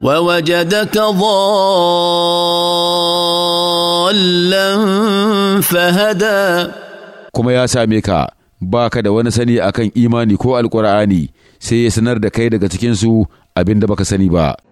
ووجدك ضالا فهدى kuma ya same ka ba ka da wani sani a kan imani ko alkur'ani sai ya sanar da kai daga cikinsu abin da baka sani ba